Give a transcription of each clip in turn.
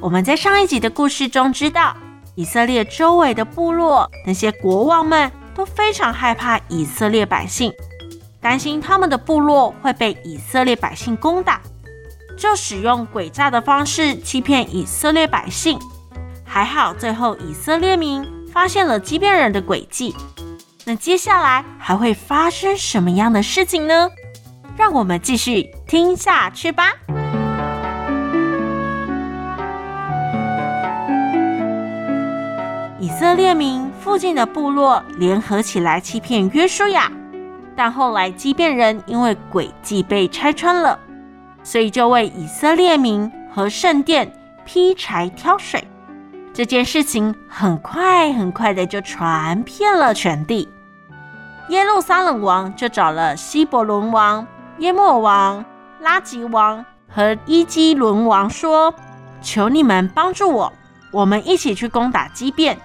我們在上一集的故事中知道，以色列周圍的部落那些國王們都非常害怕以色列百姓，擔心他們的部落會被以色列百姓攻打，就使用詭詐的方式欺騙以色列百姓。還好，最後以色列民發現了基遍人的詭計。那接下來還會發生什麼樣的事情呢？讓我們繼續聽下去吧。列民附近的部落聯合起來欺騙約書亞，但後來基遍人因為詭計被拆穿了，所以就為以色列民和聖殿劈柴挑水。這件事情很快很快的就傳遍了全地，耶路撒冷王就找了希伯倫王、耶莫王、拉吉王和伊基倫王說：“求你們幫助我，我們一起去攻打基遍。”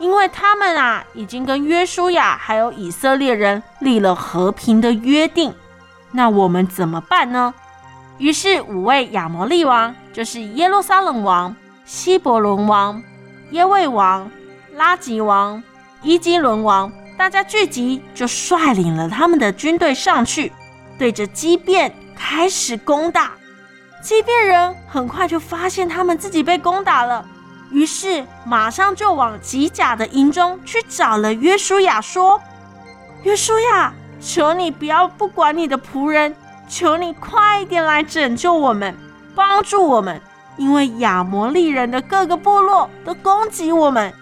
因為他們啊，已經跟約書亞還有以色列人立了和平的約定，那我們怎麼辦呢？於是五位亞摩利王，就是耶路撒冷王、希伯倫王、耶位王、拉吉王、伊磯倫王，大家聚集就率領了他們的軍隊上去，對着基遍開始攻打。基遍人很快就發現他們自己被攻打了。於是，馬上就往吉甲的營中去找了約書亞，說：“約書亞，求你不要不管你的僕人，求你快一點來拯救我們，幫助我們，因為亞摩利人的各個部落都攻擊我們。”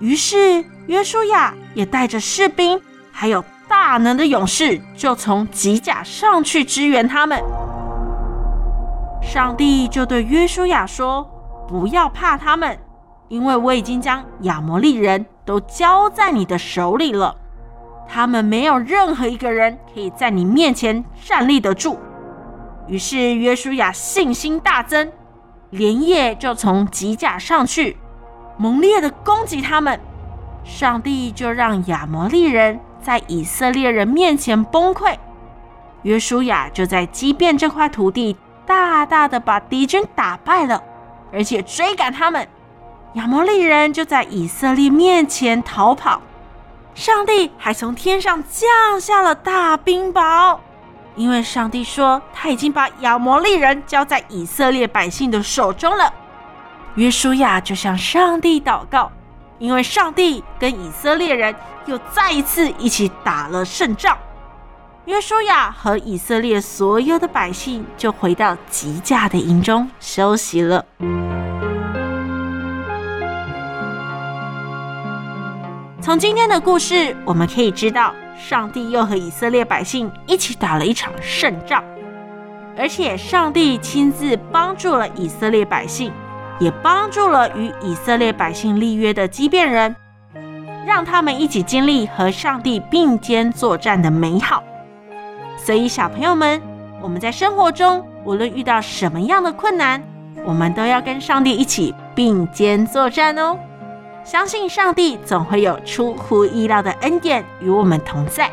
於是，約書亞也帶着士兵，還有大能的勇士，就從吉甲上去支援他們。上帝就對約書亞說。不要怕他們，因為我已經將亞摩利人都交在你的手裡了。他們沒有任何一個人可以在你面前站立得住。於是約書亞信心大增，連夜就從吉甲上去，猛烈的攻擊他們。上帝就讓亞摩利人在以色列人面前崩潰。約書亞就在基遍這塊土地大大的把敵軍打敗了。而且追趕他們，亞摩利人就在以色列面前逃跑。上帝還從天上降下了大冰雹，因為上帝說他已經把亞摩利人交在以色列百姓的手中了。約書亞就向上帝禱告，因為上帝跟以色列人又再一次一起打了勝仗。約書亞和以色列所有的百姓就回到吉甲的營中休息了。從今天的故事，我們可以知道，上帝又和以色列百姓一起打了一場勝仗，而且上帝親自幫助了以色列百姓，也幫助了與以色列百姓立約的基遍人，讓他們一起經歷和上帝並肩作戰的美好。所以，小朋友們，我們在生活中，無論遇到什麼樣的困難，我們都要跟上帝一起並肩作戰哦。相信上帝總會有出乎意料的恩典與我們同在。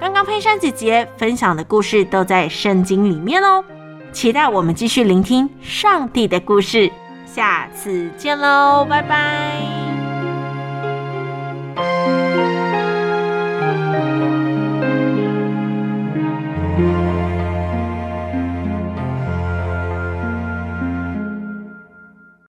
剛剛佩珊姐姐分享的故事都在聖經裡面哦。期待我們繼續聆聽上帝的故事，下次見嘍，拜拜。